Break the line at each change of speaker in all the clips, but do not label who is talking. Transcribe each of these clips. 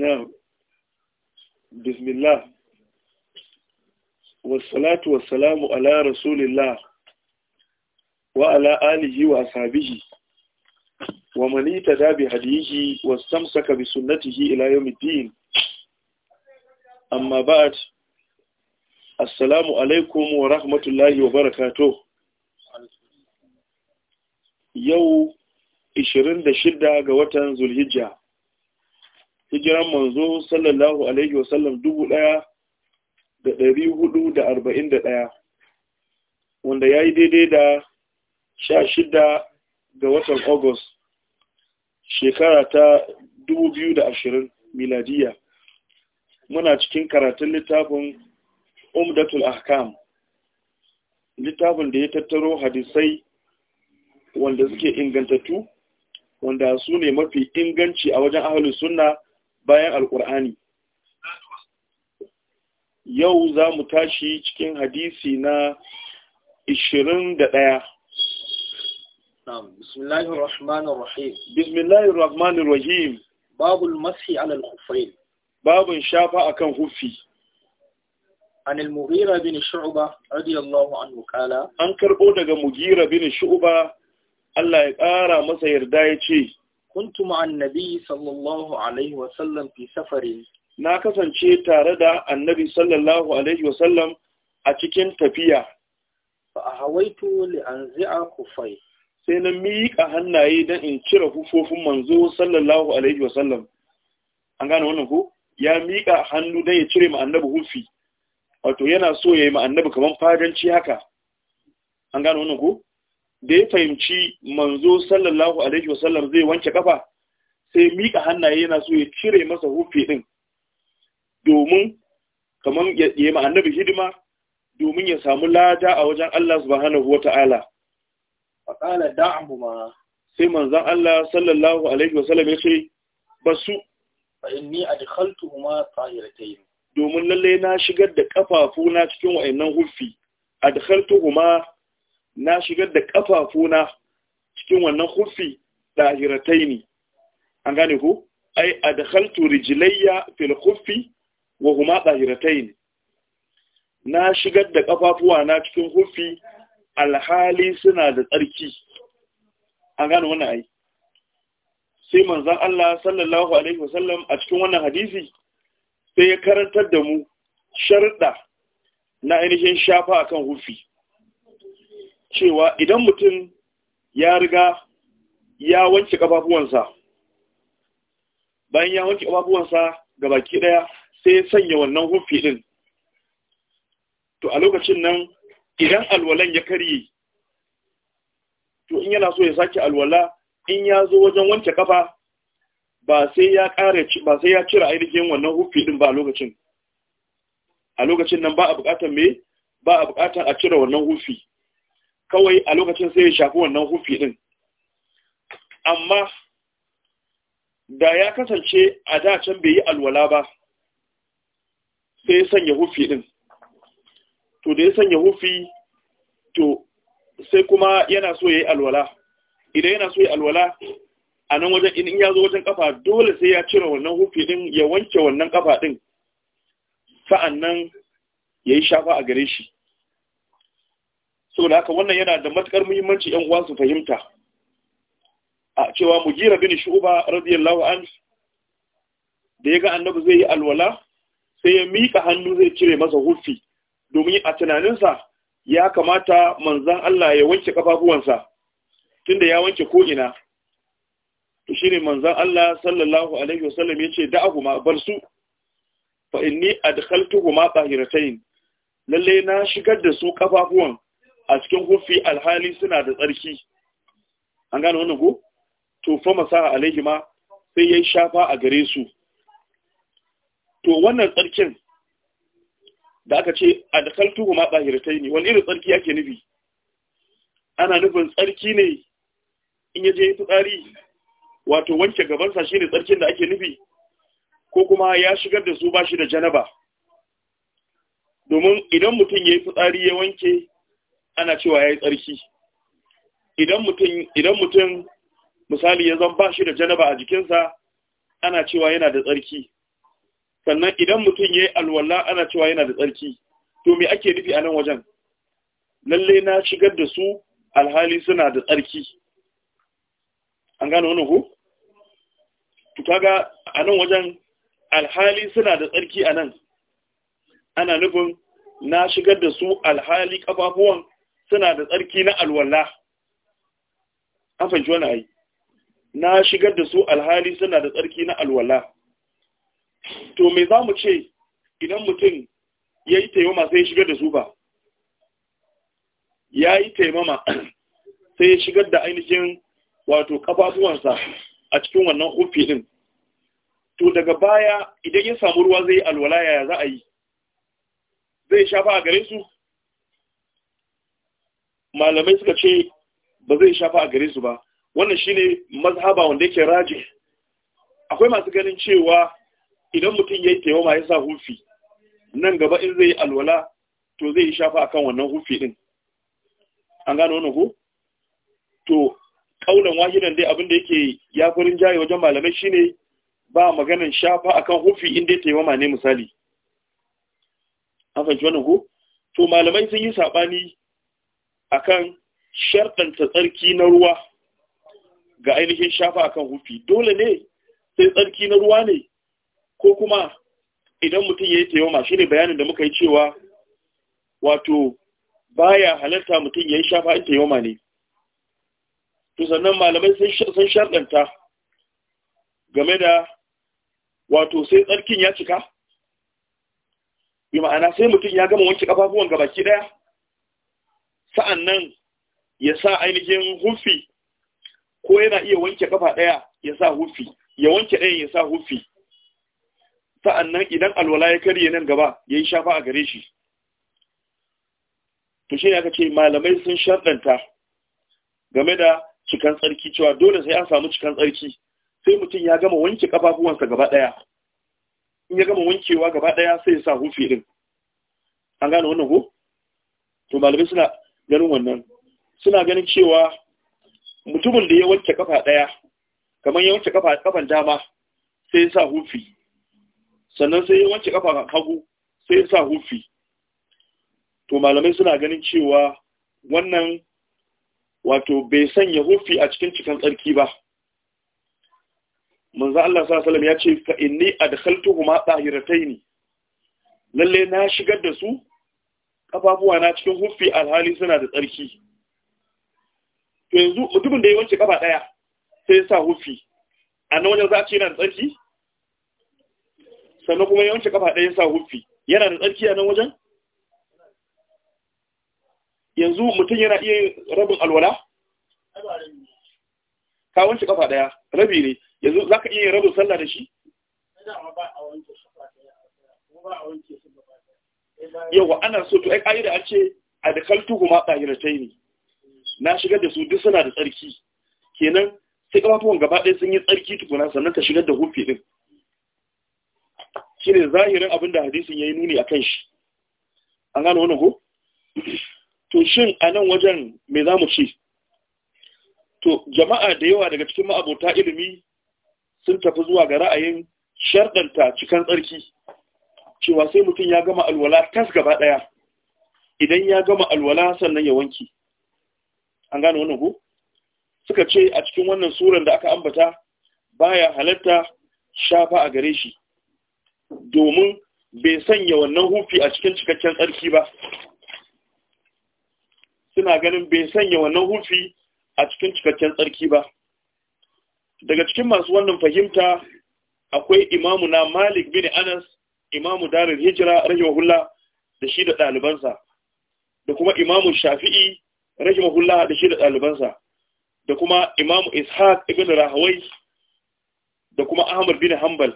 na'am bismillah wassalatu wassalamu ala rasulillah wa ala alihi wa ashabihi wa man ittaba bi hadihi wastamsaka bi sunnatihi ila yawmiddin amma ba'd assalamu alaikum wa rahmatullahi wa barakato. yau 26 ga watan zulhijja hijiran manzo sallallahu alaihi wasallam dubu ɗaya da ɗari hudu da arba'in da ɗaya wanda ya yi daidai da sha shida ga watan agus shekara ta dubu biyu da ashirin miladiya muna cikin karatun littafin umdatul ahkam littafin da ya tattaro hadisai wanda suke ingantattu wanda su ne mafi inganci a wajen ahalin sunna bayan alkur'ani yau za mu tashi cikin hadisi na 21 bismillahir rahmanir rahim bismillahir rahim babul mashi ala al-khuffayn babun shafa akan hufi عن المغيرة بن شعبة رضي الله عنه قال أنكر أودغ مغيرة بن شعبة الله يقارى مسير دايتي kuntu ma'an nabi sallallahu alaihi wasallam fi safarin na kasance tare da annabi sallallahu alaihi wasallam a cikin tafiya fa ahawaitu li anzi'a kufai sai na miƙa hannaye don in cire hufofin manzo sallallahu alaihi wasallam an gane wannan ko ya miƙa hannu don ya cire ma annabi hufi wato yana so ya yi ma annabi kaman fadanci haka an gane wannan ko da ya fahimci manzo sallallahu alaihi wasallam zai wanke kafa sai miƙa hannaye yana so ya cire masa hufi din domin kamar ya yi annabi hidima domin ya samu lada a wajen Allah subhanahu wata'ala faqala da'amu ma sai manzan Allah sallallahu alaihi wasallam ya ce basu fa inni ma tahiratayn domin lalle na shigar da kafafuna cikin wayannan hufi adkhaltuhuma na shigar da ƙafafuna cikin wannan hufi ɗahiratai ne an gane ku? ai a da haltu rijilayya fil hufi wa huma ɗahiratai ne na shigar da ƙafafuwana cikin hufi alhali suna da tsarki an gane wannan ai sai manzan Allah sallallahu alaihi wasallam a cikin wannan hadisi sai ya karantar da mu sharuɗa na ainihin shafa akan hufi cewa idan mutum ya riga ya wanke ƙafafuwansa bayan ya wanke ƙafafuwansa ga baki ɗaya sai ya sanya wannan hufi ɗin to a lokacin nan idan alwalan ya karye to in yana so ya sake alwala in ya zo wajen wanke kafa ba sai ya ƙare ba sai ya cire ainihin wannan hufi din ba a lokacin a lokacin nan ba a buƙatar me ba a buƙatar a cire wannan hufi kawai a lokacin sai ya shafi wannan hufi din amma da ya kasance a da can bai yi alwala ba sai ya sanya hufi din to da ya sanya hufi to sai kuma yana so ya yi alwala idan yana so ya yi alwala a nan wajen in ya zo wajen kafa dole sai ya cire wannan hufi din ya wanke wannan kafa din nan ya yi shafa a gare shi da haka wannan yana da matukar muhimmanci yan uwa su fahimta a cewa mujira bin shuba radiyallahu an da yaga annabi zai yi alwala sai ya mika hannu zai cire masa hufi domin a tunaninsa ya kamata manzan Allah ya wanke kafafuwansa tunda ya wanke ko'ina. ina to shine manzan Allah sallallahu alaihi wasallam yace ma bar su fa inni adkhaltuhuma tahiratayn lalle na shigar da su kafafuwan a cikin hufi alhali suna da tsarki an gane wannan ko to fa masaha alaihi ma sai yayi shafa a gare su to wannan tsarkin da aka ce adkaltuhu ma zahiratai ne wani irin tsarki yake nufi ana nufin tsarki ne in yaje yi fitsari wato wanke gabansa shine tsarkin da ake nufi ko kuma ya shigar da su ba shi da janaba domin idan mutum ya yi fitsari ya wanke ana cewa ya yi tsarki idan mutum misali ya zan ba shi da janaba a jikinsa ana cewa yana da tsarki sannan idan mutum ya yi alwala ana cewa yana da tsarki to me ake nufi a nan wajen lalle na shigar da su alhali suna da tsarki an gane wani ku? tukaga a nan wajen alhali suna da tsarki a nan ana nufin na shigar da su alhali kafafuwan suna da tsarki na alwala an fahimci wani ayi na shigar da su alhali suna da tsarki na alwala to me za mu ce idan mutum ya yi taimama sai ya shigar da su ba ya yi taimama sai ya shigar da ainihin wato kafafuwansa a cikin wannan hufi din to daga baya idan ya samu ruwa zai alwala yaya za a yi zai shafa a gare su malamai suka ce ba zai shafa a gare su ba wannan shine mazhaba wanda yake raji akwai masu ganin cewa idan mutum ya yi taimama ya sa hufi nan gaba in zai yi alwala to zai yi shafa akan wannan hufi din an gano wannan ko to kaunan wahidan dai abinda da yake ya farin jaye wajen malamai shine ba maganan shafa akan hufi in dai taimama ne misali an fahimci wannan ko to malamai sun yi saɓani. akan sharɗanta tsarki na ruwa ga ainihin shafa akan hufi dole ne sai tsarki na ruwa ne ko kuma idan mutum ya yi taimama shi ne bayanin da muka yi cewa wato baya halarta mutum ya yi shafa in taimama ne to sannan malamai sun sharɗanta game da wato sai tsarkin ya cika bi ma'ana sai mutum ya gama wanke ƙafafuwan gabaki ɗaya nan ya sa ainihin hufi ko yana iya wanke kafa ɗaya ya sa hufi ya wanke ɗayan ya sa hufi nan idan alwala ya karye nan gaba ya yi shafa a gare shi to shi aka ce malamai sun shaɗanta game da cikan tsarki cewa dole sai an samu cikan tsarki sai mutum ya gama wanke kafafuwansa gaba ɗaya in ya gama wankewa gaba ɗaya sai ya sa hufi ɗin an gane wannan ko to malamai suna ganin wannan suna ganin cewa mutumin da ya wanke kafa ɗaya kamar ya wanke kafa kafan dama sai ya sa hufi sannan sai ya wanke kafa hagu sai ya sa hufi to malamai suna ganin cewa wannan wato bai sanya hufi a cikin cikin tsarki ba manzo Allah sallallahu alaihi ya ce fa inni adkhaltuhuma tahiratayn lalle na shigar da su kafafuwa na cikin huffi alhali suna da tsarki to yanzu mutumin da ya wanke kafa daya sai ya sa huffi a nan wajen za a ce yana da tsarki sannan kuma ya wanke kafa daya ya sa huffi yana da tsarki a nan wajen yanzu mutum yana iya rabin alwala ka wanke kafa daya rabi ne yanzu za ka iya rabin sallah da shi ba a yawa ana so to ai ƙa'ida ce a da kaltu kuma ɗahiratai ne na shigar da su duk suna da tsarki kenan sai ƙafafuwan gaba ɗaya sun yi tsarki tukuna sannan ta shigar da hufi ɗin shi ne zahirin abin da hadisin ya yi nuni a kan shi an gano wani ko to shin a nan wajen me za mu ce to jama'a da yawa daga cikin ma'abota ilimi sun tafi zuwa ga ra'ayin sharɗanta cikan tsarki cewa sai mutum ya gama alwala tas gaba ɗaya idan ya gama alwala sannan ya wanke. an gane wannan ko suka ce a cikin wannan suran da aka ambata baya halatta shafa a gare shi domin bai sanya wannan hufi a cikin cikakken tsarki ba suna ganin bai sanya wannan hufi a cikin cikakken tsarki ba daga cikin masu wannan fahimta akwai imamuna malik bin anas imamu darin hijira rahimahullah da shi da ɗalibansa da kuma imamu shafi'i rahimahullah da shi da ɗalibansa da kuma imamu ishaq ibn rahawai da kuma ahmad bin hanbal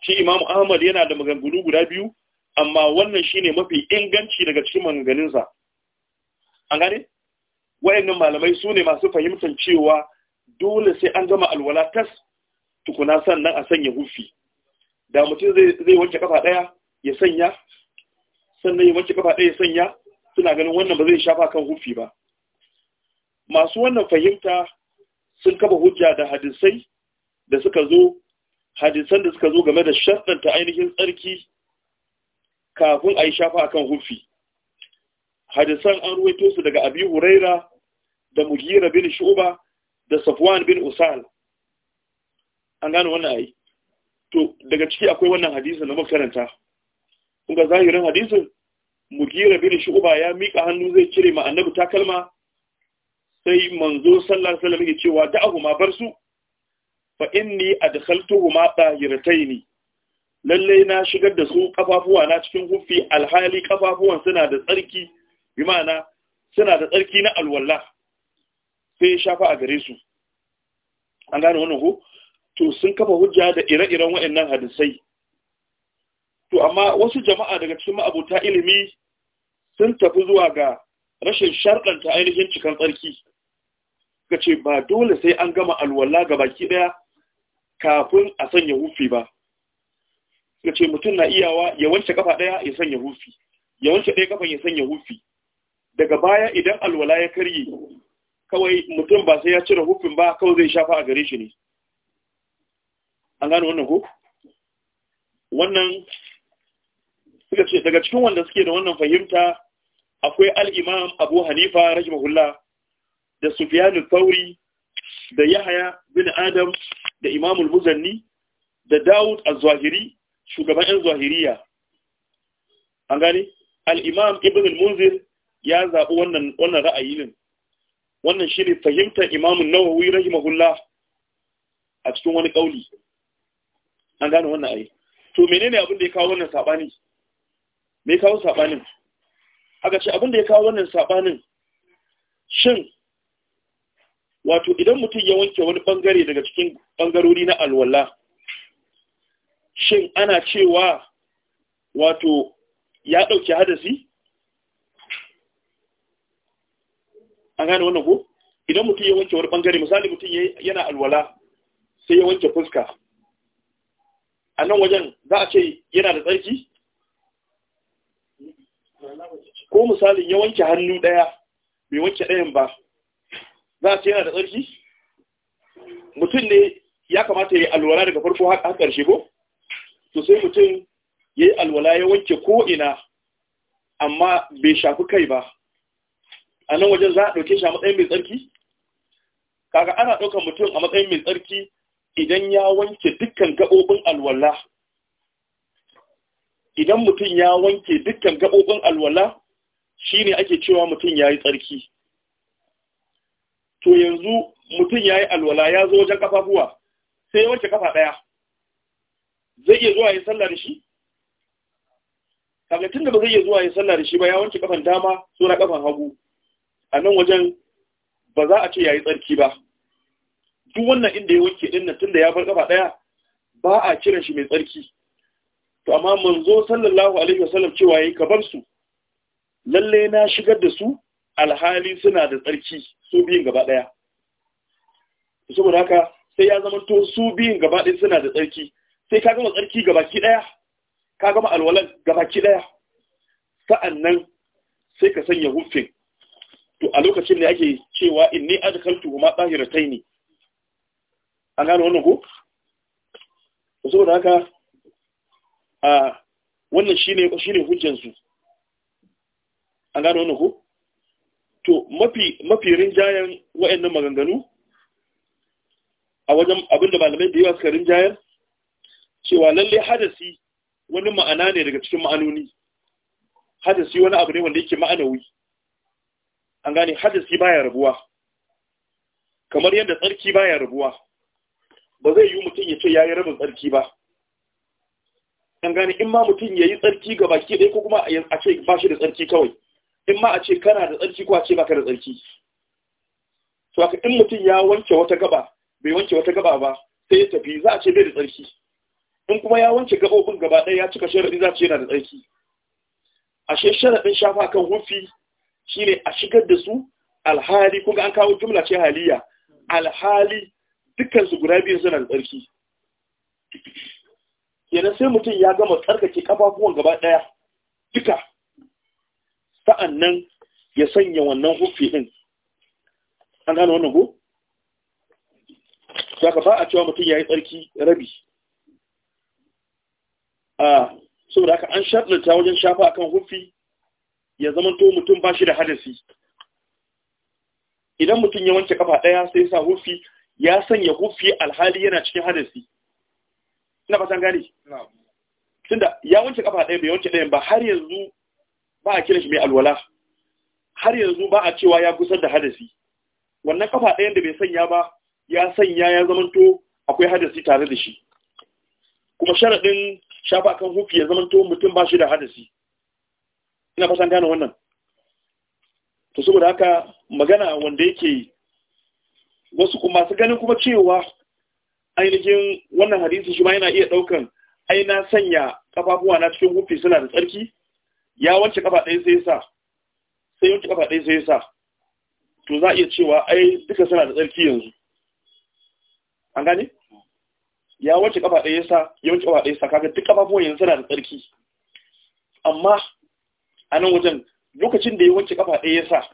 shi imamu ahmad yana da maganganu guda biyu amma wannan shine mafi inganci daga cikin maganganunsa an gane wayannan malamai su ne masu fahimtar cewa dole sai an gama alwalatas tas tukuna sannan a sanya hufi da mutum zai wanke kafa ɗaya ya sanya sannan ya wanke kafa ɗaya ya sanya suna ganin wannan ba zai shafa kan hufi ba masu wannan fahimta sun kafa hujja da hadisai da suka zo hadisan da suka zo game da sharɗanta ainihin tsarki kafin a yi shafa akan hufi hadisan an ruwaito su daga abi huraira da mugira bin shuba da safwan bin usal an gano wannan ayi to daga ciki akwai wannan hadisin da muka karanta zahirin hadisin mugira bin shu'ba ya mika hannu zai cire ma annabi takalma sai manzo sallallahu alaihi wasallam yake cewa da'ahu ma bar su fa inni adkhaltuhuma tahiratayn lalle na shigar da su kafafuwa na cikin huffi alhali kafafuwan suna da tsarki bi ma'ana suna da tsarki na alwala sai shafa a gare su an gane wannan ko to sun kafa hujja da ire-iren waɗannan hadisai to amma wasu jama'a daga cikin ma'abuta ilimi sun tafi zuwa ga rashin sharɗanta ainihin cikan tsarki Ga ce ba dole sai an gama alwala ga baki ɗaya kafin a sanya hufi ba Ga ce mutum na iyawa ya wance kafa ɗaya ya sanya hufi ya wance ɗaya kafa ya sanya hufi daga baya idan alwala ya karye kawai mutum ba sai ya cire hufin ba kawai zai shafa a gare shi ne an gano wannan ko wannan suka ce daga cikin wanda suke da wannan fahimta akwai al abu hanifa rahimahullah da sufyanu fauri da yahaya bin adam da imam muzanni da dawud a zahiri shugaban yan zahiriya an gani? al-imam ibn al ya zaɓi wannan wannan wannan shi ne fahimtar imamun nawawi rahimahullah a cikin wani ƙauli an gane wannan ayi. to menene abin da ya kawo wannan sabani me kawo sabanin aka ce abin da ya kawo wannan sabanin shin wato idan mutum ya wanke wani bangare daga cikin bangarori na alwala shin ana cewa wato ya dauke hadasi an gane wannan ko idan mutum ya wanke wani bangare misali mutum yana alwala sai ya wanke fuska a nan wajen za a ce yana da tsarki ko misalin ya wanke hannu ɗaya bai wanke ɗayan ba za a ce yana da tsarki mutum ne ya kamata ya yi alwala daga farko haka ƙarshe ko to sai mutum ya yi alwala ya wanke ko'ina amma bai shafi kai ba a nan wajen za a ɗauke shi a matsayin mai tsarki kaga ana ɗaukar mutum a matsayin mai tsarki idan ya wanke dukkan gaɓoɓin alwala idan mutum ya wanke dukkan gaɓoɓin alwala ne ake cewa mutum ya yi tsarki to yanzu mutum ya yi alwala ya zo wajen ƙafafuwa sai wanke ƙafa ɗaya zai iya zuwa ya sallah da shi kaga da ba zai iya zuwa ya sallah da shi ba ya wanke kafan dama suna kafan hagu a nan wajen ba za a ce ya yi tsarki ba duk wannan inda ya wanke din nan tunda ya bar gaba daya ba a kiran shi mai tsarki to amma manzo sallallahu alaihi wasallam cewa yayi ka su lalle na shigar da su alhali suna da tsarki su biyun gaba daya saboda haka sai ya zama to su biyun gaba daya suna da tsarki sai ka gama tsarki gabaki daya ka gama alwalan gabaki daya sa'annan sai ka sanya hufin to a lokacin da ake cewa inni adkaltu huma tahirataini an gano wannan ko saboda haka a wannan shine shine hujjar su an gano wannan ko to mafi mafi rinjayen wayannan maganganu a wajen abinda malamai da yawa suka rinjayar cewa lalle hadasi wani ma'ana ne daga cikin ma'anoni hadasi wani abu ne wanda yake ma'anawi an gane hadasi baya rabuwa kamar yadda tsarki baya rabuwa ba zai yi mutum ya ce ya yi rabin tsarki ba an gane in ma mutum ya yi tsarki ga baki ɗaya ko kuma a ce ba shi da tsarki kawai in ma a ce kana da tsarki ko a ce baka da tsarki to haka in mutum ya wanke wata gaba bai wanke wata gaba ba sai ya tafi za a ce bai da tsarki in kuma ya wanke gabobin gaba ɗaya ya cika sharaɗi za a ce yana da tsarki ashe sharaɗin shafa kan hufi shine a shigar da su alhali kuma an kawo jumla ce haliya alhali dukkansu guda biyu suna da tsarki kenan sai mutum ya gama tsarkake kafafuwan gaba ɗaya duka sa'an nan ya sanya wannan hufi ɗin an gano wannan go? ka ba a cewa mutum ya yi tsarki rabi a saboda haka an shaɗinta wajen shafa akan hufi ya to mutum ba shi da hadasi idan mutum ya wanke kafa ɗaya sai sa hufi ya sanya hufi alhali yana cikin hadasi ina fatan gane tunda ya wanke kafa ɗaya bai wanke ɗayan ba har yanzu ba a kira shi mai alwala har yanzu ba a cewa ya gusar da hadasi wannan kafa ɗayan da bai sanya ba ya sanya ya to akwai hadasi tare da shi kuma sharaɗin shafa kan hufi ya to mutum ba shi da hadasi ina fatan gane wannan to saboda haka magana wanda yake wasu kuma su ganin kuma cewa ainihin wannan hadisi shi ma yana iya ɗaukan aina sanya kafafuwa na cikin hufi suna da tsarki ya wanke kafa ɗaya sai sa sai wanke kafa ɗaya sai sa to za a iya cewa ai duka suna da tsarki yanzu an gane ya wanke kafa ɗaya sa ya wanke kafa ɗaya sa kaga duk kafafuwan yanzu suna da tsarki amma a nan wajen lokacin da ya wanke kafa ɗaya sa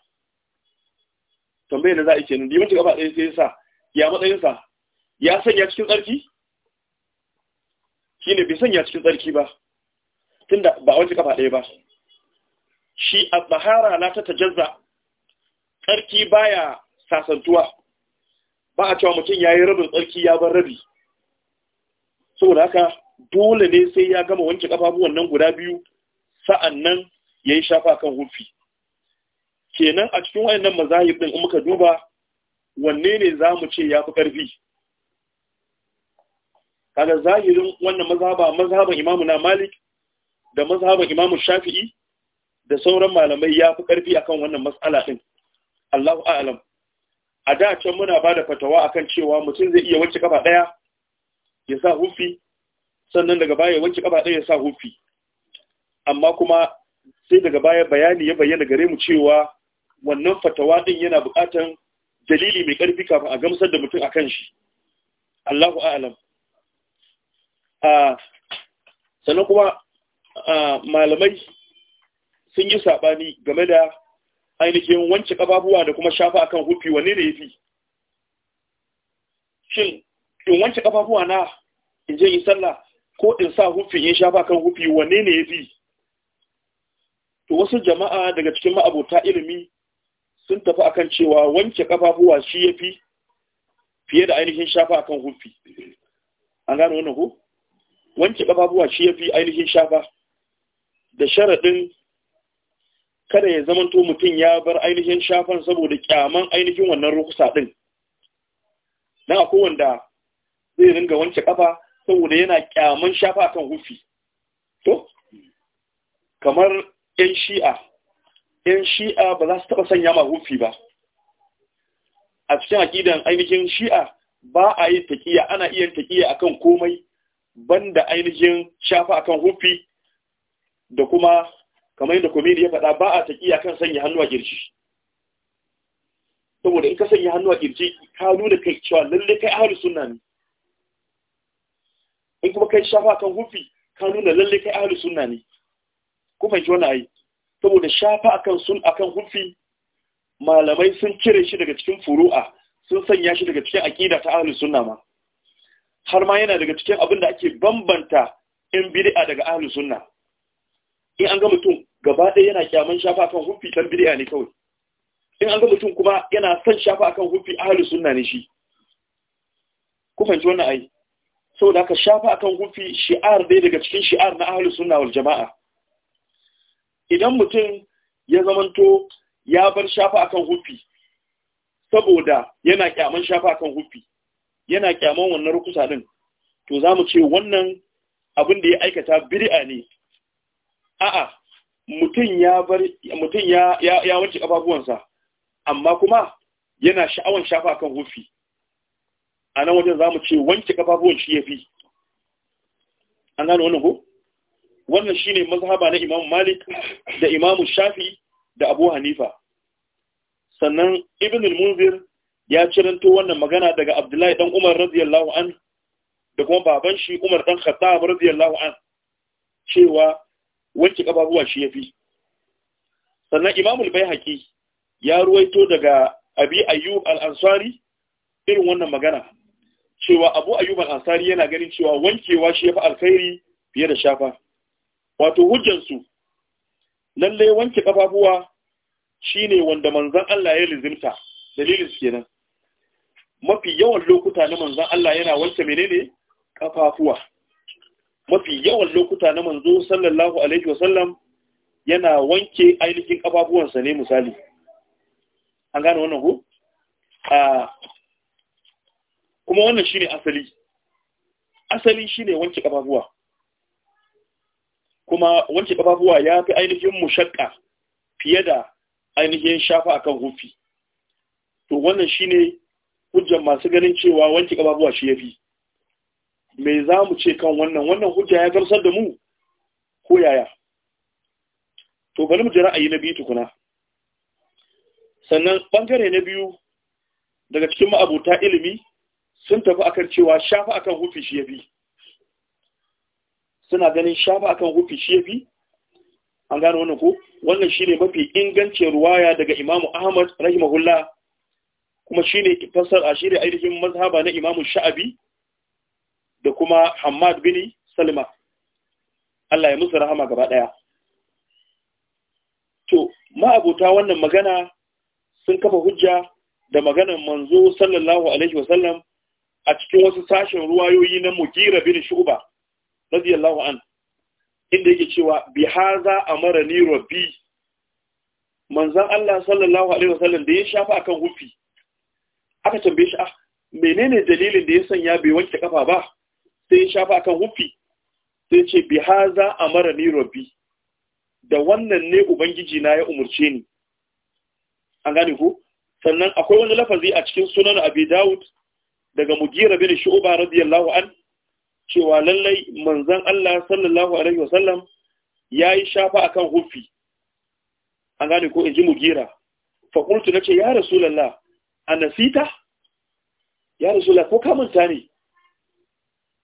tambaye da za a yi kenan da yawanci gaba ɗaya sai sa ya matsayinsa ya sanya cikin tsarki shi ne bai sanya cikin tsarki ba tunda ba a wajen gaba ɗaya ba shi a bahara na ta tajazza tsarki baya sasantuwa ba a cewa mutum ya yi rabin tsarki ya bar rabi saboda haka dole ne sai ya gama wanke kafafuwan nan guda biyu sa'an nan ya yi shafa kan hufi kenan a cikin wayannan mazahib din in muka duba wanne ne za mu ce ya fi ƙarfi kaga zahirin wannan mazhaba mazhaban imamu na malik da mazhaban imamu shafi'i da sauran malamai ya fi ƙarfi akan wannan matsala ɗin allahu a'alam a da can muna ba da fatawa akan cewa mutum zai iya wanke kaba ɗaya ya sa hufi sannan daga baya wanke kafa ɗaya ya sa hufi amma kuma sai daga baya bayani ya bayyana gare mu cewa wannan fatawa din yana buƙatan dalili mai ƙarfi kafin a gamsar da mutum akan shi Allahu a'lam sannan kuma malamai sun yi saɓani game da ainihin wance ƙafafuwa da kuma shafa akan hufi wanne ne ya fi shin in wance ƙafafuwa na in je yi sallah ko in sa hufi in shafa akan hufi wanne ne ya fi to wasu jama'a daga cikin ma'abota ilimi sun tafi akan cewa wanke kafafuwa shi ya fi fiye da ainihin shafa akan hufi an gano wani ko wanke kafafuwa shi ya fi ainihin shafa da sharaɗin kada ya zamanto mutum ya bar ainihin shafan saboda kyaman ainihin wannan rukusa ɗin. Na akwai wanda zai ringa wanke kafa saboda yana kyaman shafa akan hufi to kamar yan shi'a in shi'a ba za su taɓa sanya ma hufi ba a cikin aƙidan ainihin shi'a ba a yi taƙiya ana iya taƙiya akan komai banda ainihin shafa akan hufi da kuma kamar yadda komedi ya faɗa ba a taƙiya kan sanya hannu a ƙirji saboda in ka sanya hannu a ƙirji ka nuna kai cewa lalle kai ahli sunna ne in kuma kai shafa akan hufi ka nuna lalle kai ahli sunna ne ku fahimci wannan ai saboda shafa akan sun akan hufi malamai sun cire shi daga cikin furu'a sun sanya shi daga cikin aqida ta ahlus sunna ma har ma yana daga cikin abin da ake bambanta in bid'a daga ahlus sunna in an ga mutum gaba ɗaya yana kyaman shafa akan hufi kan bid'a ne kawai in an ga mutum kuma yana son shafa akan hufi ahlus sunna ne shi ku fahimci wannan ai saboda haka shafa akan hufi shi'ar dai daga cikin shi'ar na ahlus sunna wal jama'a idan mutum ya zamanto ya bar shafa akan hufi saboda yana kyaman shafa akan hufi yana kyaman wannan rukusa din to za mu ce wannan abin da ya aikata bid'a ne a'a mutum ya bar mutum ya ya, wuce kafafuwansa amma kuma yana sha'awan shafa akan hufi a nan wajen za mu ce wanke kafafuwan shi ya fi an gano wannan ko wannan shine mazhaba na Imam Malik da Imam Shafi da Abu Hanifa sannan Ibn al-Munzir ya ciranto wannan magana daga Abdullahi dan Umar radiyallahu an da kuma baban shi Umar dan Khattab radiyallahu an cewa wanke kababuwa shi yafi sannan Imam al-Baihaqi ya ruwaito daga Abi Ayyub al-Ansari irin wannan magana cewa Abu Ayyub al-Ansari yana ganin cewa wankewa shi yafi alkhairi fiye da shafa wato hujjansu lallai wanke kafafuwa shine wanda manzan Allah ya lizimta dalilin su kenan mafi yawan lokuta na manzan Allah yana wanke menene kafafuwa mafi yawan lokuta na manzo sallallahu alaihi wasallam yana wanke ainihin kafafuwansa ne misali an gane wannan ko a kuma wannan shine asali asali shine wanke kafafuwa kuma wanke kafafuwa ya fi ainihin mushakka fiye da ainihin shafa akan hufi to wannan shi ne hujjar masu ganin cewa wanke kafafuwa shi ya fi. me za mu ce kan wannan wannan hujja ya garsar da mu ko yaya to bari mu ji na biyu tukuna sannan bangare na biyu daga cikin ma'abuta ilimi sun tafi akan cewa shafa akan hufi shi ya fi. suna ganin shafa akan hufi shi fi. an gano wannan ko wannan shine mafi ingancin ruwaya daga imamu Ahmad rahimahullah kuma shine fasar ashiri ainihin mazhaba na imamu Sha'abi da kuma Hammad bin Salima. Allah ya musu rahama gaba daya to ma'abuta wannan magana sun kafa hujja da maganar manzo sallallahu alaihi wasallam a cikin wasu sashen ruwayoyi na Mugira bin Shu'ba radiyallahu an inda yake cewa bi haza amara ni rabbi manzon Allah sallallahu alaihi wasallam da ya shafa akan hufi aka tambaye shi ah menene dalilin da ya sanya bai wanke kafa ba sai ya shafa akan hufi sai ce bi haza amara ni rabbi da wannan ne ubangiji na ya umurce ni an gane ko sannan akwai wani lafazi a cikin sunan abi daud daga mugira bin shu'ba radiyallahu an cewa lallai manzan Allah sallallahu alaihi wasallam yi shafa a kan hufi an gane ko in ji mugira fakultu na ce ya a Nasita ya lalla, ko ka manta ne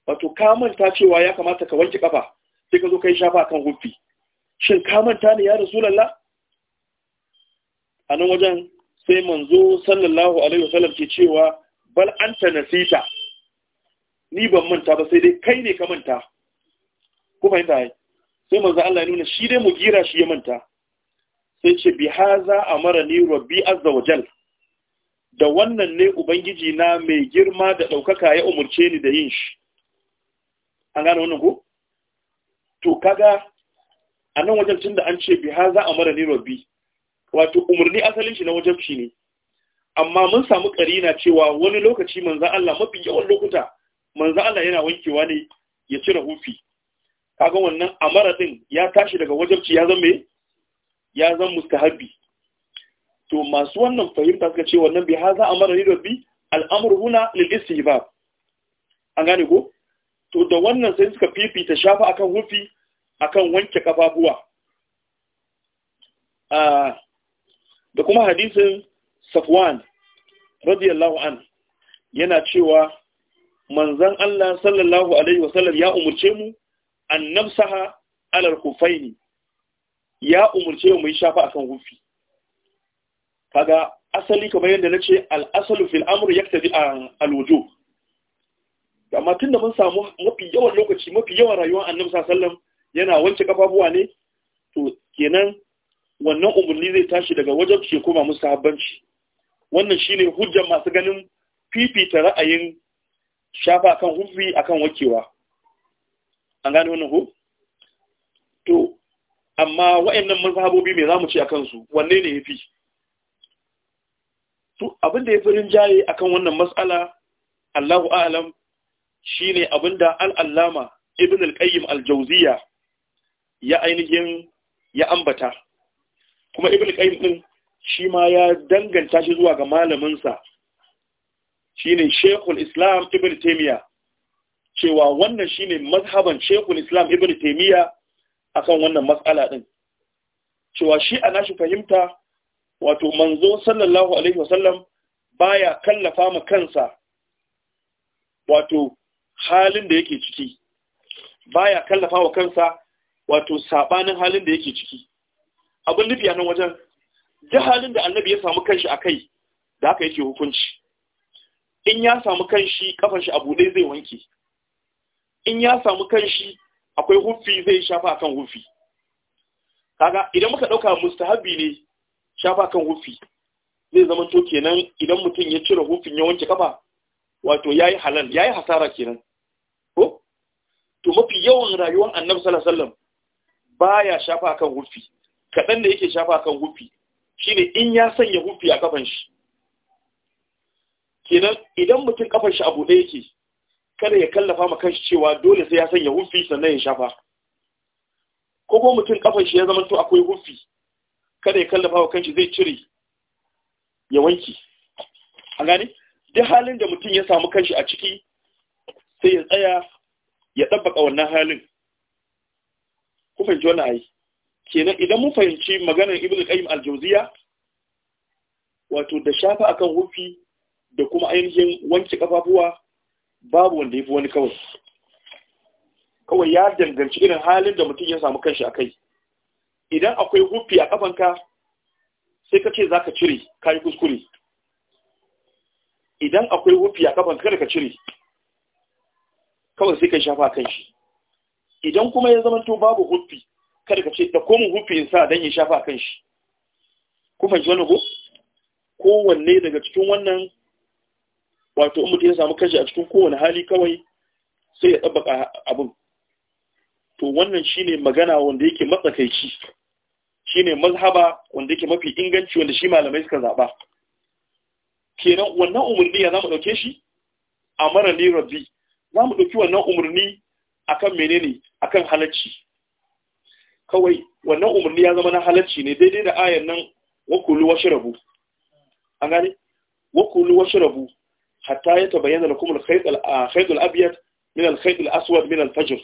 wato ka manta cewa ya kamata ka wanke kafa sai ka zo ka yi shafa a kan hufi shin ka manta ne ya lalla? a nan wajen sai manzo sallallahu alaihi wasallam ke cewa bal ta nasita ni ban manta ba sai dai kai ne ka manta ku a ai sai manzo Allah ya nuna shi dai mu gira shi ya manta sai ce bi haza amarani rabbi azza wajal da wannan ne ubangiji na mai girma da daukaka ya umurce ni da yin shi an gane wannan ko to kaga a nan wajen tun da an ce bi haza amarani rabbi wato umarni asalin shi na wajen shi ne amma mun samu karina cewa wani lokaci manzo Allah mafi yawan lokuta manzo Allah yana wankewa ne ya cire hufi kaga wannan amara din ya tashi daga wajabci ya zama ya zama mustahabi to masu wannan fahimta suka ce wannan bi haza amara ni rabbi al'amru huna lil istihbab an gane ko to da wannan sai suka fifita shafa akan hufi akan wanke kafafuwa ah, da kuma hadisin Safwan radiyallahu anhu, yana cewa manzan Allah sallallahu alaihi wasallam ya umurce mu an nafsaha alal kufaini ya umurce mu yi shafa akan hufi kaga asali kamar yadda na ce al'asalu fil amru yaktabi alwujo amma da mun samu mafi yawan lokaci mafi yawan rayuwar annabi sallallahu yana wanke kafafuwa ne to kenan wannan umarni zai tashi daga wajen ce kuma musahabbanci wannan shine hujjar masu ganin fifita ra'ayin shafa akan hufi akan wakewa an gane wannan ko to amma wa'annan mazhabobi me zamu ce akan su wanne ne yafi to abin da yafi rinjaye akan wannan mas'ala Allahu a'lam shine abinda al-allama ibn al-qayyim al-jawziya ya ainihin ya ambata kuma ibn al-qayyim din shi ma ya danganta shi zuwa ga malaminsa. shine Sheikhul Islam Ibn Taymiyyah cewa wannan shine mazhaban Sheikhul Islam Ibn Taymiyyah akan wannan matsala din cewa shi ana shi fahimta wato manzo sallallahu alaihi wasallam baya kallafa ma kansa wato halin da yake ciki baya kallafa wa kansa wato sabanin halin da yake ciki abin nufi a nan wajen ji halin da annabi ya samu kanshi a kai da haka yake hukunci in ya samu kanshi kafan shi a buɗe zai wanke in ya samu kanshi akwai hufi zai shafa akan hufi kaga idan muka dauka mustahabi ne shafa kan hufi zai zama to kenan idan mutum ya cire hufin ya wanke kafa wato yayi halal yayi hasara kenan ko to mafi yawan rayuwar annabi sallallahu alaihi wasallam baya shafa kan hufi kadan da yake shafa kan hufi shine in ya sanya hufi a kafan shi kenan idan mutum kafar shi a buɗe ke, kada ya kallafa ma kanshi cewa dole sai ya sanya hufi sannan ya shafa ko ko mutum kafar shi ya zama to akwai hufi kada ya kallafa wa kanshi zai cire ya wanki a gane duk halin da mutum ya samu kanshi a ciki sai ya tsaya ya ɗabbaka wannan halin ku fahimci wannan ayi kenan idan mun fahimci maganar ibnu qayyim al-jawziya wato da shafa akan hufi da kuma ainihin wanke kafafuwa babu wanda ya fi wani kawai kawai ya danganci irin halin da mutum ya samu kanshi a kai idan akwai hufi a kafanka sai ka ce za ka cire ka yi kuskure idan akwai hufi a kafanka kada ka cire kawai sai ka shafa kan shi idan kuma ya zama to babu hufi kada ka ce da komin hufi in sa don ya shafa kan shi kuma ji wani ko kowanne daga cikin wannan wato in mutum ya samu kashi a cikin kowane hali kawai sai ya tsabbaka abin to wannan shine magana wanda yake matsakaici shine mazhaba wanda yake mafi inganci wanda shi malamai suka zaba kenan wannan umarni ya zamu dauke shi amara ni rabbi zamu dauki wannan umarni akan menene akan halacci kawai wannan umarni ya zama na halacci ne daidai da ayan nan wakulu washirabu an gane wakulu washirabu hatta ya tabayyana lakum al-khayt ah, al-abyad min al-khayt al-aswad min al-fajr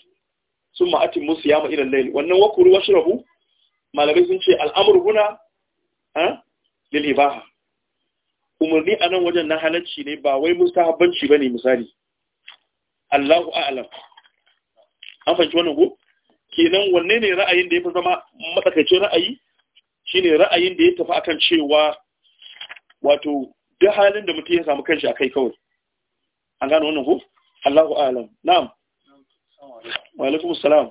thumma atimmu siyama ila al-layl wannan wakuru malamai sun ce umarni a nan wajen na halarci ne ba wai mustahabbanci ba ne misali Allahu a'alam an fahimci wannan ku? kenan wanne ne ra'ayin da ya fi zama matsakaicin ra'ayi shine ra'ayin da ya tafi akan cewa wato duk halin da mutum ya samu kanshi a kai kawai an gano wannan ku? Allahu alam na'am wa alaikum salam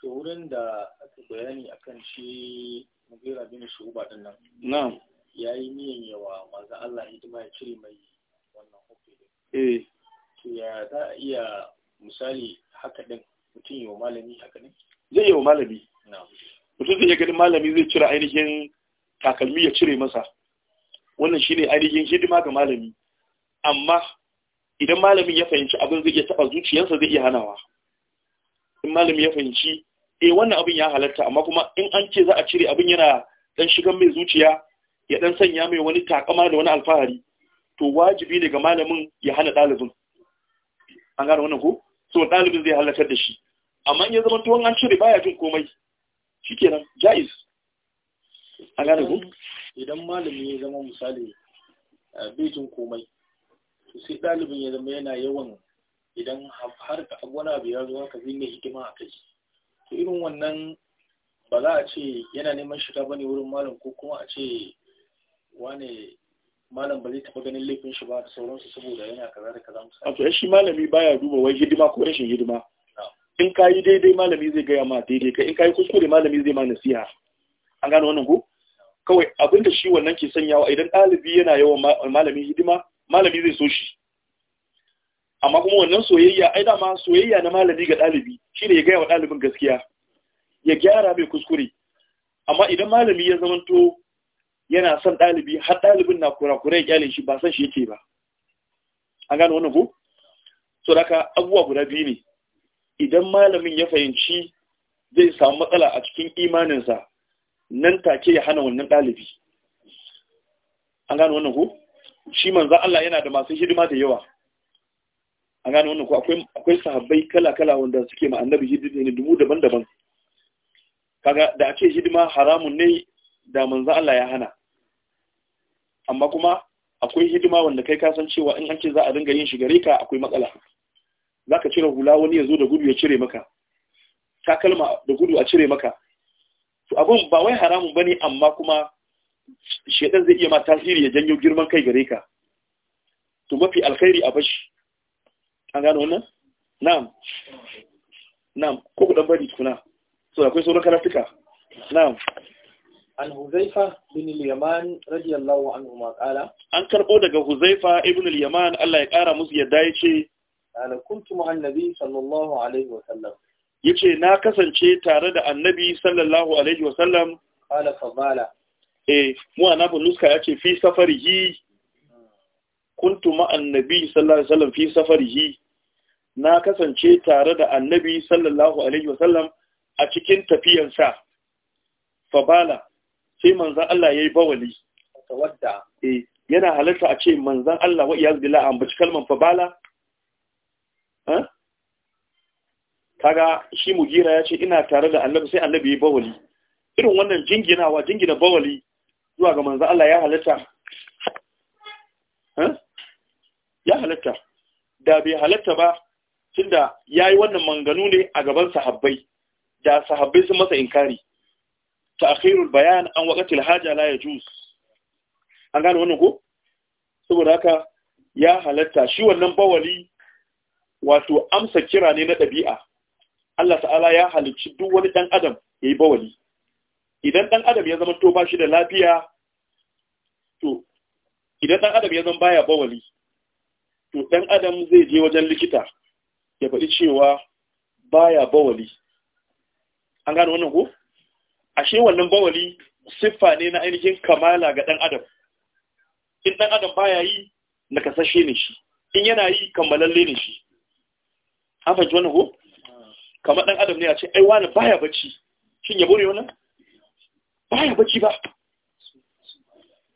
to wurin da aka bayani akan shi mugira bin shuba din nan na'am yayi niyan yawa manzo Allah hidima ya cire mai wannan hukunci eh to ya za a iya misali haka din mutum yi wa malami haka ne zai yi wa malami na'am mutum zai ga malami zai cire ainihin takalmi ya cire masa wannan shine ainihin hidima ga malami amma idan malamin ya fahimci abin zai iya taba zuciyarsa zai iya hanawa in malami ya fahimci eh wannan abin ya halarta, amma kuma in an ce za a cire abin yana dan shigan mai zuciya ya dan sanya mai wani takama da wani alfahari to wajibi ne ga malamin ya hana dalibin an gane wannan ko so ɗalibin zai halarta da shi amma in ya zama tuwon an cire baya jin komai shikenan jaiz gane ku idan malami ya zama misali a jin komai to sai ɗalibin ya zama yana yawan idan har ka wani abu ya zo ka zai hikima a kai to irin wannan ba za a ce yana neman shiga bane wurin malam ko kuma a ce wane malam ba zai taɓa ganin laifin shi ba da sauransu saboda yana kaza da kaza musa. Wato shi malami baya duba wai hidima ko rashin hidima. In ka yi daidai malami zai gaya ma daidai ka in ka yi kuskure malami zai ma nasiha. an gano wannan ko kawai abinda shi wannan ke sanyawa idan ɗalibi yana yawan malamin hidima malami zai so shi amma kuma wannan soyayya ai dama soyayya na malami ga ɗalibi shine ya gaya wa ɗalibin gaskiya ya gyara mai kuskure amma idan malami ya zamanto yana son ɗalibi har ɗalibin na kurakurai kyalin shi ba san shi yake ba an gano wannan ko so daga abubuwa guda biyu ne idan malamin ya fahimci zai samu matsala a cikin imaninsa nan take ya hana wannan ɗalibi an gane wannan ko shi manzan Allah yana da masu hidima da yawa an gane wannan ko akwai sahabbai kala-kala wanda suke ma annabi dubu daban-daban kaga da ake hidima haramun ne da manzan Allah ya hana amma kuma akwai hidima wanda kai kasan cewa in an ce za a dinga yin shi gare ka akwai matsala za ka cire hula wani ya zo da gudu ya cire maka takalma da gudu a cire maka su abun ba wai haramun bane amma kuma shedan zai iya ma tasiri ya janyo girman kai gare ka to mafi alkhairi a bashi an gano wannan na'am na'am ko ku dan bari tukuna so akwai sauran karatuka na'am an huzaifa bin al-yaman radiyallahu anhu ma qala an karbo daga huzaifa ibn al-yaman Allah ya kara musu yadda yace ana kuntu ma'an nabi sallallahu alaihi wa sallam yace na kasance tare da annabi sallallahu alaihi wa sallam ala fadala eh mu annabi nuska yace fi safarihi kuntu ma annabi sallallahu alaihi wa sallam fi safarihi na kasance tare da annabi sallallahu alaihi wa sallam a cikin tafiyarsa fabala sai manzan Allah yayi bawali tawadda eh yana halarta a ce manzan Allah wa iyaz billah an bace kalman fabala eh kaga shi mugira ya ce ina tare da annabi sai annabi ya bawali irin wannan jinginawa jingina bawali zuwa ga manzo Allah ya halatta ya halatta da bai halatta ba tunda yayi wannan manganu ne a gaban sahabbai da sahabbai sun masa inkari ta'khirul bayan an waqtil haja la yajuz an gane wannan ko saboda haka ya halatta shi wannan bawali wato amsa kira ne na ɗabi'a Allah ta'ala ya halicci duk wani ɗan adam ya yi bawali idan ɗan adam ya zama to ba shi da lafiya to idan ɗan adam ya zama baya bawali to ɗan adam zai je wajen likita ya faɗi cewa baya bawali an gano wannan ko ashe wannan bawali siffa ne na ainihin kamala ga ɗan adam in ɗan adam baya yi nakasashe ne shi in yana yi kammalalle ne shi an fahimci wannan ko kamar ɗan adam ne a ce ai wani baya bacci shin yabo ne wannan baya bacci ba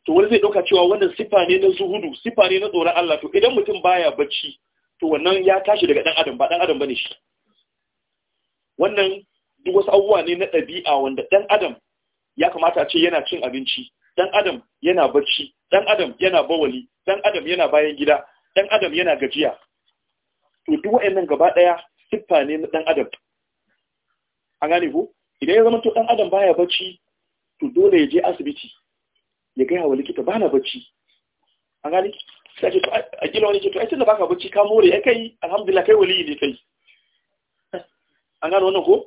to wani zai ɗauka cewa wannan sifa ne na zuhudu sifa ne na tsoron Allah to idan mutum baya bacci to wannan ya tashi daga ɗan adam ba ɗan adam bane shi wannan duk wasu abubuwa ne na ɗabi'a wanda ɗan adam ya kamata a ce yana cin abinci ɗan adam yana bacci ɗan adam yana bawali ɗan adam yana bayan gida ɗan adam yana gajiya to duk waɗannan gaba ɗaya siffa ne na ɗan adam an gane ko idan ya zama to ɗan adam baya bacci to dole ya je asibiti ya gaya wa likita bana bacci an gane sai to a gina wani ce to ai tunda baka bacci ka more ya kai alhamdulillah kai waliyi ne kai an gane wannan ko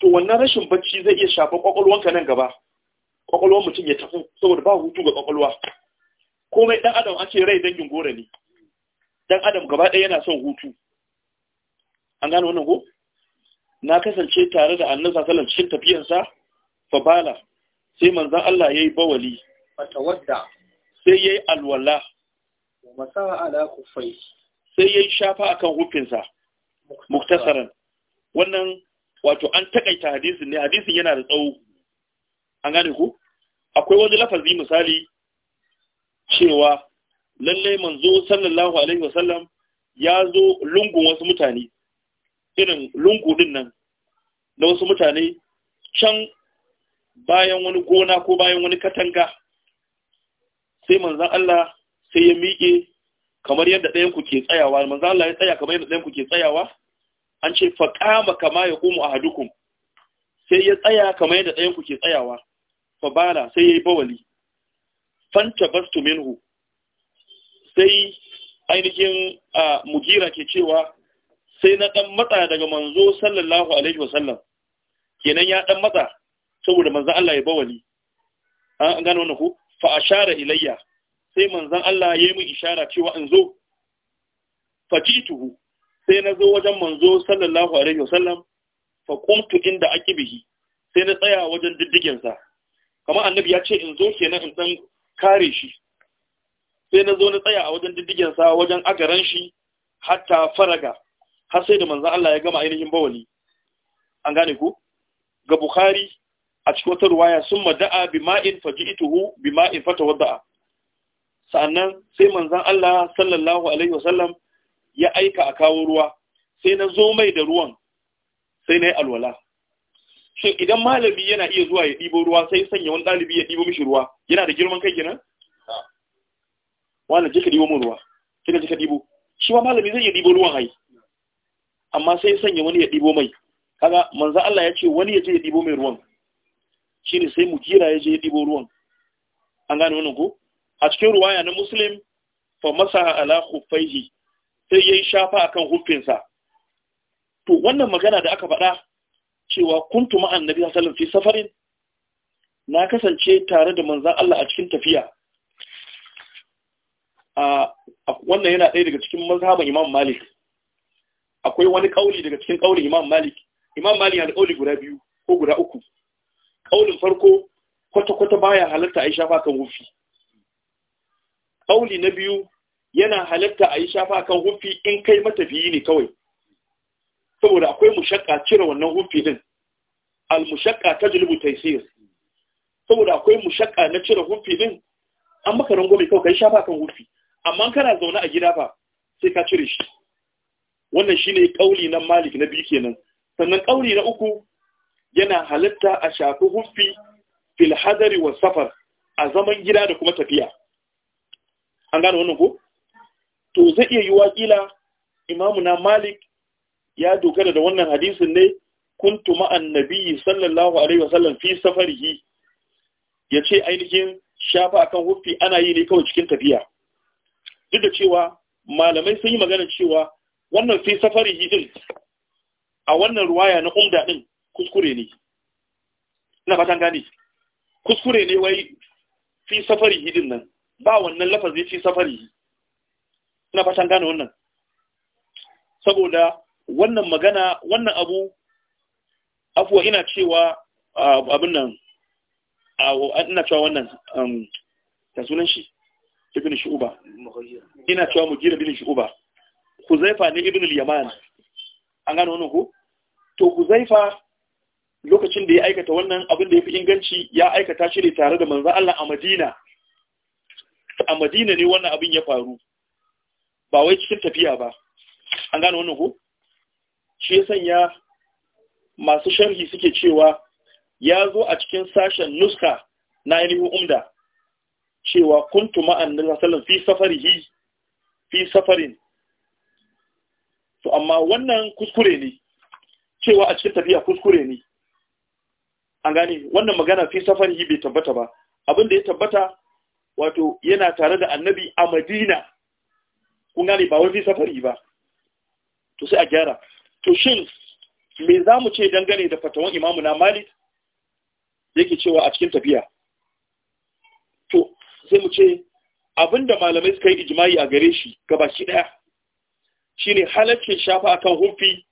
to wannan rashin bacci zai iya shafa kwakwalwanka nan gaba kwakwalwan mutum ya tafi saboda ba hutu ga kwakwalwa komai ɗan adam ake rai dangin gora ne Ɗan adam gaba ɗaya yana son hutu an gano wannan ko na kasance tare da annabi sallallahu alaihi cikin tafiyarsa fa bala sai manzon Allah yayi bawali fatawadda sai yayi alwala wa masaha ala kufai sai yayi shafa akan hufinsa muktasaran wannan wato an takaita hadisin ne hadisin yana da tsawo an gane ku akwai wani lafazi misali cewa lallai manzo sallallahu alaihi wasallam ya zo lungun wasu mutane irin lungu din nan na wasu mutane can bayan wani gona ko bayan wani katanga sai manzan Allah sai ya miƙe kamar yadda ɗayan ku ke tsayawa manzan Allah ya tsaya kamar yadda ɗayan ku ke tsayawa an ce faqama kama a hadukun, sai ya tsaya kamar yadda ɗayan ku ke tsayawa fa bala sai ya yi bawali fanta bastu minhu sai ainihin mugira ke cewa sai na dan matsa daga manzo sallallahu alaihi wasallam kenan ya dan matsa saboda manzon Allah ya bawali an gano wannan ku fa ashara ilayya sai manzon Allah ya yi min ishara cewa in zo fajituhu sai na zo wajen manzo sallallahu alaihi wasallam fa qumtu inda akibihi sai na tsaya wajen diddigin sa kamar annabi ya ce in zo kenan in dan kare shi sai na zo na tsaya a wajen diddigin sa wajen agaran shi hatta faraga har sai da manzan Allah ya gama ainihin bawali an gane ku ga bukhari a cikin wata ruwaya sun mada'a bi ma'in faji'tuhu bi ma'in fatawadda'a sa'annan sai manzan Allah sallallahu alaihi wasallam ya aika a kawo ruwa sai na zo mai da ruwan sai na yi alwala shin idan malami yana iya zuwa ya ɗibo ruwa sai sanya wani ɗalibi ya ɗibo mishi ruwa yana da girman kai kenan wani jika ɗibo mun ruwa kina jika ɗibo shi ma malami zai iya ɗibo ruwan hai amma sai sanya wani ya ɗibo mai kaga manzo Allah ya ce wani ya je ya ɗibo mai ruwan shine sai mukira ya je ya ɗibo ruwan an gane wannan ko a cikin ruwaya na muslim fa masaha ala khuffaihi sai yayi shafa akan huffinsa to wannan magana da aka faɗa cewa kuntu ma annabi sallallahu alaihi wasallam fi safarin na kasance tare da manza Allah a cikin tafiya a wannan yana ɗaya daga cikin mazhaban Imam Malik akwai wani kauli daga cikin kaulin Imam Malik Imam Malik ya da kauli guda biyu ko guda uku kaulin farko kwata kwata baya halatta a yi shafa kan hufi kauli na biyu yana halatta a yi shafa kan hufi in kai matafiyi ne kawai saboda akwai mushakka cire wannan hufi din al mushakka tajlibu taysir saboda akwai mushakka na cire hufi din an maka rango mai kawai kai shafa kan hufi amma kana zaune a gida fa sai ka cire shi wannan shi ne ƙauli na Malik na biyu kenan sannan ƙauli na uku yana halitta a shafi huffi filhadari wa safar a zaman gida da kuma tafiya an gane wannan ko to zai iya yi waƙila. imamu na Malik ya dogara da wannan hadisin ne kuntu ma'an nabiyyi sallallahu alaihi wasallam fi safarihi ce ainihin shafa akan huffi ana yi ne kawai cikin tafiya duk da cewa malamai sun yi magana cewa wannan fi safari hidin a wannan ruwaya na umda din kuskure ne na fatan gani kuskure ne wai fi safari hidin nan ba wannan lafazi fi safari. ina fatan gane wannan saboda wannan magana wannan abu afuwa ina cewa abin nan ina cewa wannan ta um, sunan shi ibn shu'uba ina cewa mugira bin uba. huzaifa ne ibn al-yaman an gano wannan ko to huzaifa lokacin da ya aikata wannan abin da ya fi inganci ya aikata shi ne tare da manzo Allah a Madina a Madina ne wannan abin ya faru ba wai cikin tafiya ba an gano wannan ko shi ya sanya masu sharhi suke cewa ya zo a cikin sashen nuska na ainihin umda cewa kuntu ma'an nabi fi safarihi fi safarin to amma wannan kuskure ne cewa a cikin tafiya kuskure ne an gane wannan magana fi safari bai tabbata ba abin da ya tabbata wato yana tare da annabi a madina kun gane ba wani safari ba to sai a gyara to shin me za mu ce dangane da fatawan imamu na malik yake cewa a cikin tafiya to sai mu ce abinda malamai suka yi ijimai a gare shi gaba shi daya shine halaccin shafa akan hufi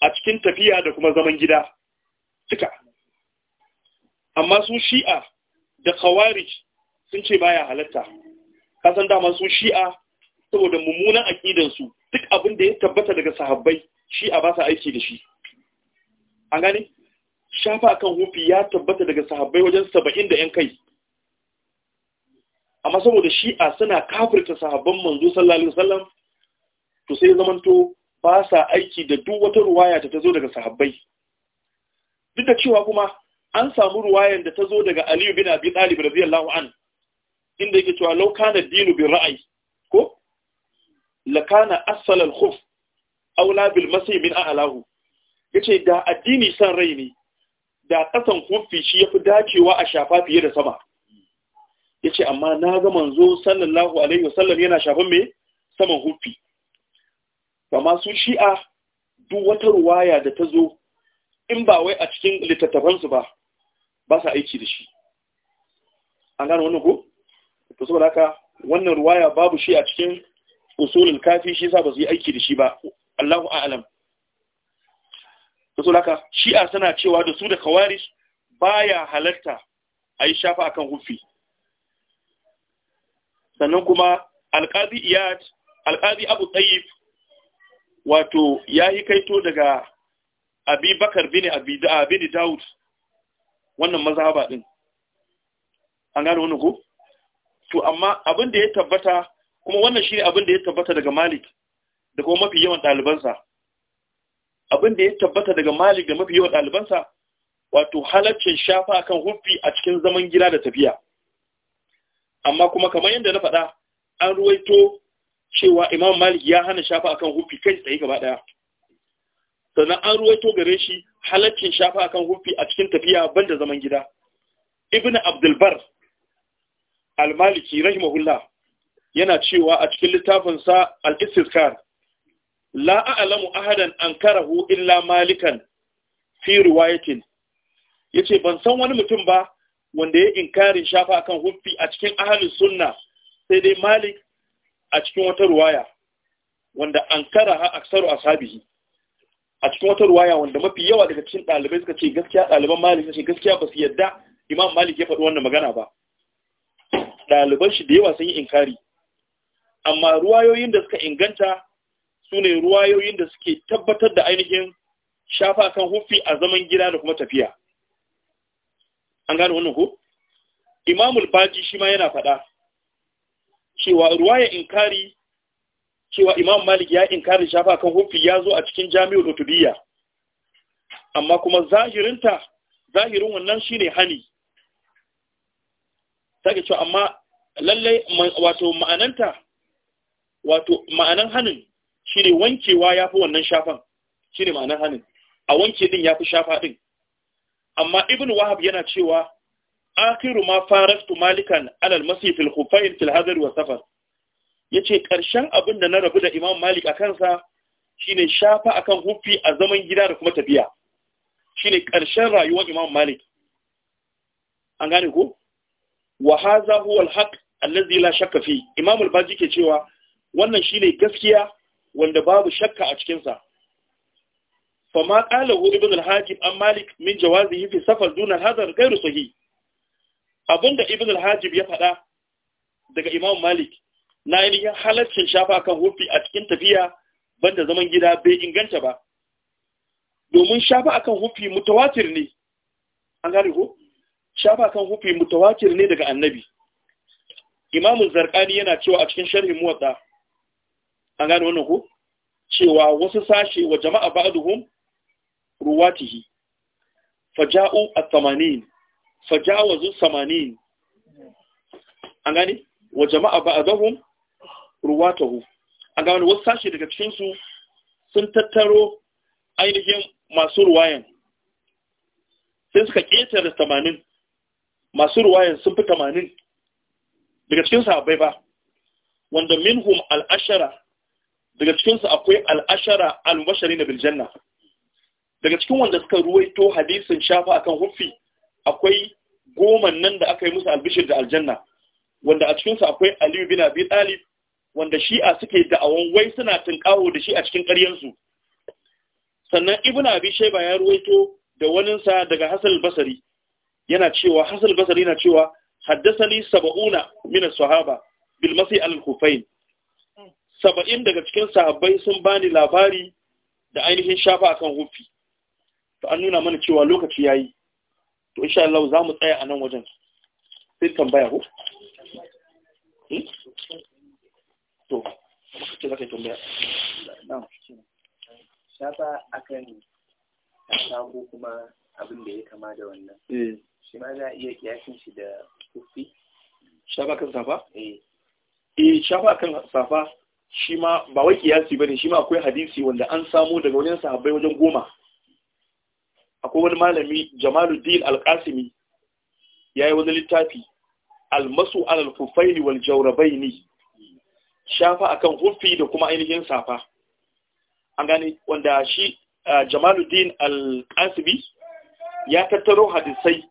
a cikin tafiya da kuma zaman gida duka amma su shi'a da khawarij sun ce baya halatta kasan dama su shi'a saboda mummunan aƙidansu duk abin da ya tabbata daga sahabbai shi'a ba sa aiki da shi an gane shafa akan hufi ya tabbata daga sahabbai wajen saba'in da yan kai amma saboda shi'a suna kafirta sahabban manzo sallallahu alaihi wasallam to sai zamanto ba sa aiki da duk wata ruwaya ta zo daga sahabbai duk da cewa kuma an samu ruwayan da ta zo daga aliyu bin abi talib radiyallahu an inda yake cewa law kana dinu bi ra'ayi ko la kana asal al khuf aula bil masih min a'lahu yace da addini san rai ne da kasan kufi shi yafi dacewa a shafa fiye da sama yace amma na ga manzo sallallahu alaihi wasallam yana shafan me saman hufi Ba masu shi'a duk wata ruwaya da ta zo in ba wai a cikin littattafansu ba ba sa aiki da shi an gano wannan ko? to saboda haka wannan ruwaya babu shi a cikin usulin kafi shi sa ba su yi aiki da shi ba Allahu a'lam to saboda haka shi'a suna cewa da su da khawarij baya halarta a yi shafa akan hufi sannan kuma alqazi iyad alqazi abu tayyib wato ya yi kaito daga abi bakar bin abi ah, daud wannan ba din an gane wani ku? to amma abin da ya tabbata kuma wannan shi abin da ya tabbata daga malik da kuma mafi yawan ɗalibansa abin da ya tabbata daga malik da mafi yawan ɗalibansa wato halaccin shafa akan hufi a cikin zaman gida da tafiya amma kuma kamar yadda na faɗa an ruwaito cewa imam malik ya hana shafa akan hufi kai tsaye gaba daya sannan an ruwaito gare shi halaccin shafa akan hufi a cikin tafiya banda zaman gida ibn abdulbar almaliki rahimahullah yana cewa a cikin littafinsa al-istizkar la a'lamu ahadan ankarahu illa malikan fi Ya ce ban san wani mutum ba wanda ya inkarin shafa akan hufi a cikin ahlus sunna sai dai malik a cikin wata ruwaya wanda an kara ha aksaru ashabihi a cikin wata ruwaya wanda mafi yawa daga cikin ɗalibai suka ce gaskiya ɗaliban malik suka ce gaskiya ba su yadda imam malik ya faɗi wannan magana ba ɗaliban shi da yawa sun yi inkari amma ruwayoyin da suka inganta su ne ruwayoyin da suke tabbatar da ainihin shafa kan hufi a zaman gida da kuma tafiya an gane wannan ko imamul baji shi ma yana faɗa cewa ruwaya inkari cewa imam malik ya inkari shafa kan hufi ya zo a cikin jami'ar utubiyya amma kuma zahirinta zahirin wannan shi ne hani sake cewa amma lallai wato ma'ananta wato ma'anan hanin ne wankewa ya fi wannan shafan shi ne ma'anan hanin a wanke din ya fi shafa din amma ibn wahab yana cewa akhiru ma faraftu malikan alal masih fil khufayn fil hadar wa safar yace karshen abin da na rabu da imam malik a kansa shine shafa akan hufi a zaman gida da kuma tafiya ne ƙarshen rayuwar imam malik an gane ko wa hadha huwa al allazi la shakka fi imam al-baji ke cewa wannan shine gaskiya wanda babu shakka a cikin sa fa ma qala ibn al-hajib an malik min jawazihi fi safar duna hadar ghairu sahih abinda ibn al-hajib ya faɗa daga imam malik na ainihin halaccin shafa kan hufi a cikin tafiya banda zaman gida bai inganta ba domin shafa akan hufi mutawatir ne an gane ko shafa akan hufi mutawatir ne daga annabi imamu zarqani yana cewa a cikin sharhin muwatta an gane wannan ko cewa wasu sashe wa jama'a ba'duhum ruwatihi faja'u at-tamanin fajawazu samanin an gani wa jama'a ba'dahum ruwatahu an gani wasu sashi daga cikin su sun tattaro ainihin masu ruwayan sai suka ƙetare tamanin masu ruwayan sun fi tamanin daga cikin sahabbai ba wanda minhum al'ashara daga cikinsu akwai al'ashara al-mubashari na biljanna daga cikin wanda suka ruwaito hadisin shafa akan huffi akwai goma nan da aka yi musu albishir da aljanna wanda a cikinsu akwai aliyu bin abi talib wanda shi'a suke da'awan wai suna tunkawo da shi a cikin ƙaryansu sannan ibn abi shaiba ya ruwaito da waninsa daga hasal basari yana cewa hasal basari yana cewa haddasani saba'una min sahaba bil masi al kufain saba'in daga cikin sahabbai sun bani labari da ainihin shafa akan hufi to an nuna mana cewa lokaci yayi to insha Allah za mu tsaya a nan wajen sai tambaya ko hmm? to ce za ka yi tambaya na shafa akan shago kuma abin da ya kama da wannan eh. shi ma za a iya kiyasin shi da kufi shafa kan safa eh, eh shafa kan safa shi ma ba wai kiyasi bane shi ma akwai hadisi wanda an samu daga wajen sahabbai wajen goma akwai wani malami jamaluddin alkasimi ya yi wani littafi almasu alal fufaili wal ne. shafa akan hufi da kuma ainihin safa an gane wanda shi jamaluddin alkasimi ya tattaro hadisai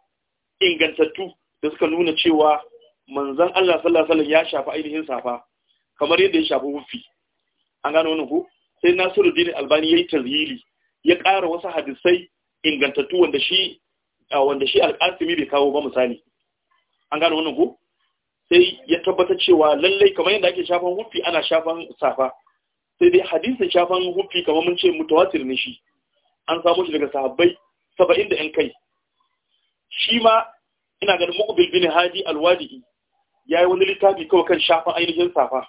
ingantattu da suka nuna cewa manzan Allah sallallahu alaihi ya shafa ainihin safa kamar yadda ya shafi hufi an gano wani ku sai nasiruddin albani ya yi tazyili ya ƙara wasu hadisai ingantattu wanda shi wanda shi bai kawo ba misali an gano wannan ko sai ya tabbatar cewa lallai kamar yadda ake shafan hufi ana shafan safa sai dai hadisin shafan hufi kamar mun ce mutawatir ne shi an samu shi daga sahabbai saba'in da yan kai shi ma ina ganin muku bin hadi alwadi'i yi wani littafi kawai kan shafan ainihin safa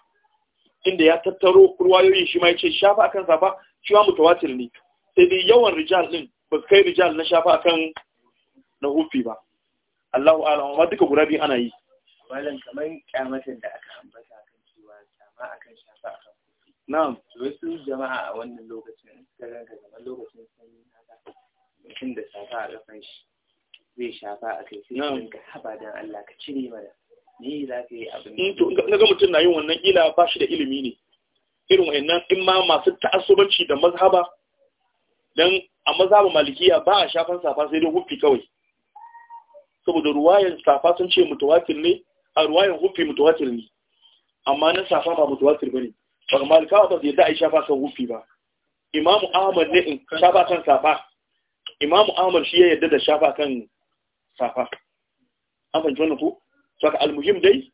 inda ya tattaro ruwayoyin shi ma ya ce shafa akan safa shi ma mutawatir ne sai dai yawan rijal din ba su kai rijal na shafa kan na hufi ba Allahu a'lam amma duka guda biyu ana yi malam kaman kyamatin da aka ambata kan cewa kyama akan shafa akan hufi na'am wasu jama'a a wannan lokacin suka ranka zama lokacin sanyi haka mutum da safa a kafan shi zai shafa a kai sai ka haba dan Allah ka cire mana ni za ka yi abin da ga mutum na yin wannan ila ba shi da ilimi ne irin wayannan in ma masu ta'assubanci da mazhaba dan a mazhabin malikiya ba a shafan safa sai dai hufi kawai saboda ruwayan safa sun ce mutawatir ne a ruwayan hufi mutawatir ne amma na safa ba mutawatir ne ba malikawa ba zai da a shafa kan hufi ba imamu ahmad ne in shafa kan safa imamu ahmad shi ya yarda da shafa kan safa an fahimci wannan ko ka almuhim dai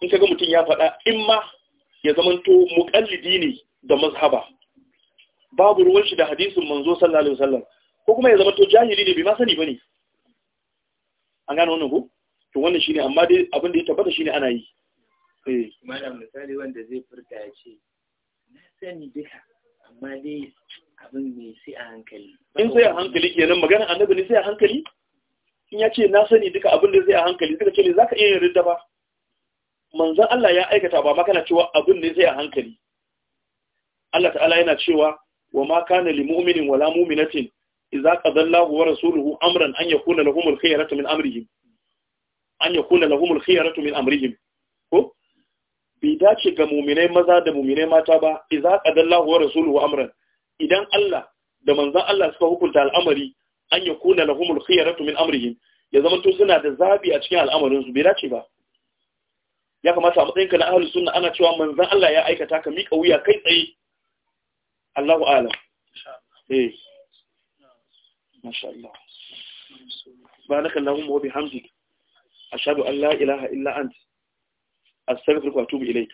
in kaga mutum ya faɗa in ma ya zamanto muƙallidi ne da mazhaba babu ruwan shi da hadisin manzo sallallahu alaihi wasallam ko kuma ya zama to jahili ne bai ma sani bane an gano wannan ko to wannan shine amma dai abin da ya tabbata shine ana yi eh malam misali wanda zai furta ya ce na sani duka amma dai abin ne sai a hankali in sai a hankali kenan magana annabi ne sai a hankali in ya ce na sani duka abin da zai a hankali duka ce ne zaka iya yin riddaba manzon Allah ya aikata ba makana cewa abin ne sai a hankali Allah ta'ala yana cewa wa ma kana mu'minin wala mu'minatin idza qada Allahu wa rasuluhu amran an yakuna lahum al khiyaratu min ko bai dace ga mu'minai maza da mu'minai mata ba idza qada Allahu wa rasuluhu amran idan Allah da manzon Allah suka hukunta al'amari an yakuna lahum al khiyaratu min ya zama to suna da zabi a cikin al'amarin su bai dace ba ya kamata a matsayinka na ana cewa manzon Allah ya aikata ka mika wuya kai tsaye Allahu alam eh masha Allah subhanaka allahumma wa bihamdika ashhadu an la ilaha illa anta astaghfiruka wa atubu ilayk